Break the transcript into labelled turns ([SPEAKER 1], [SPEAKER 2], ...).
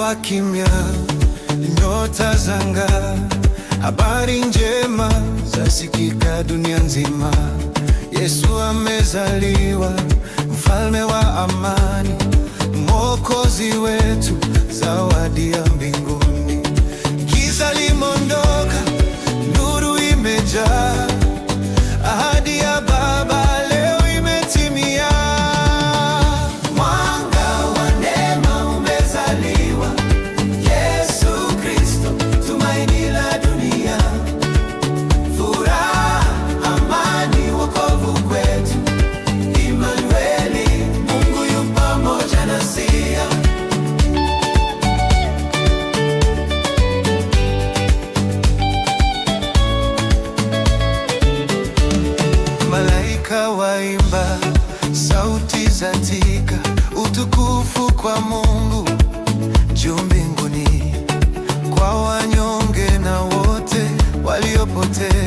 [SPEAKER 1] wa kimya, nyota zang'aa, habari njema zasikika dunia nzima. Yesu amezaliwa, mfalme wa amani, mwokozi wetu, zawadi ya mbingu. katika utukufu kwa Mungu juu mbinguni, kwa wanyonge na wote waliopotea.